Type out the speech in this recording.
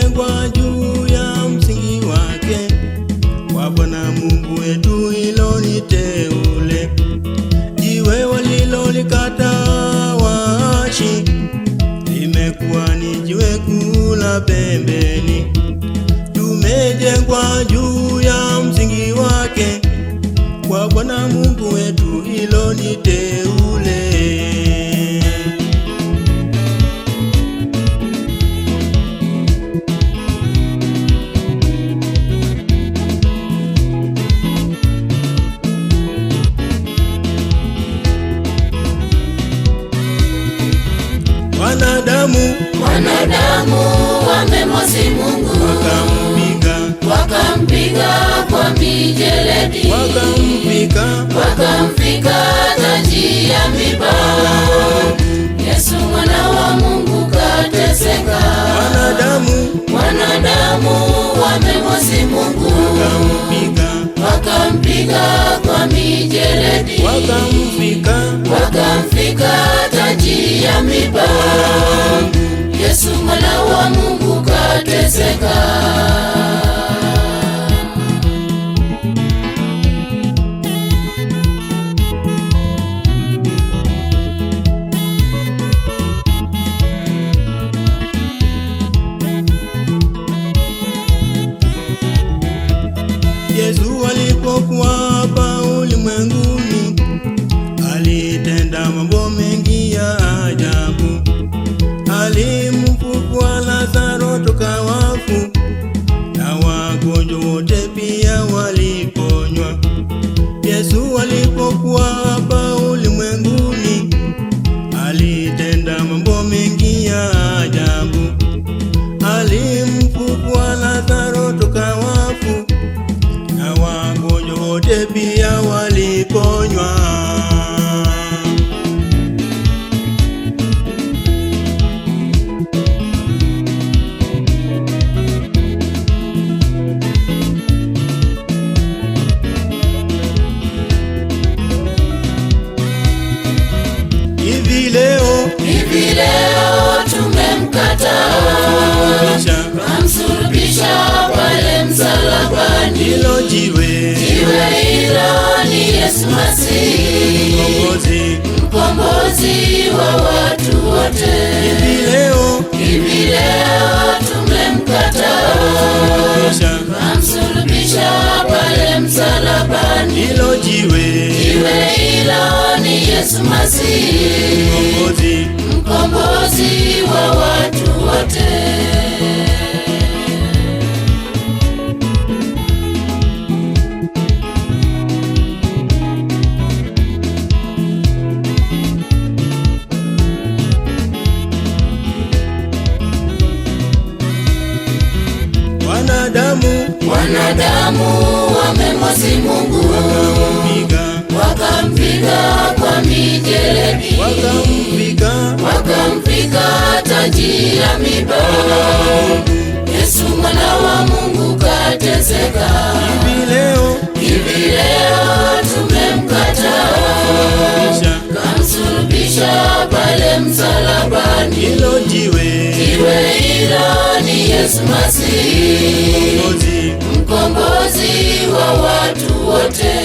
limejengwa juu ya msingi wake wa Bwana Mungu wetu, hilo ni teo Wanadamu wamemwasi Mungu, wakampiga wakampiga kwa mijeledi, wakampiga wakampiga taji ya miiba. Yesu mwana wa Mungu kateseka, wanadamu wanadamu wamemwasi Mungu, wakampiga wakampiga kwa mijeledi, wakampiga wakampiga taji ya miiba. kuteseka jiwe, jiwe hilo ni Yesu Masihi, mkombozi, mkombozi wa watu wote. Hivi leo, hivi leo tumemkataa, amsulubisha pale msalabani. Hilo jiwe, jiwe hilo ni Yesu Masihi, mkombozi, mkombozi wa watu wote. wanadamu, wanadamu wamemwasi Mungu wakampiga wakampiga kwa mijeledi, wakampiga taji ya miba. Yesu mwana wa Mungu kateseka, hivi leo hivi leo tumemkata kamsulubisha pale msalabani hilo jiwe, jiwe hilo ni Yesu Masihi, mkombozi wa watu wote.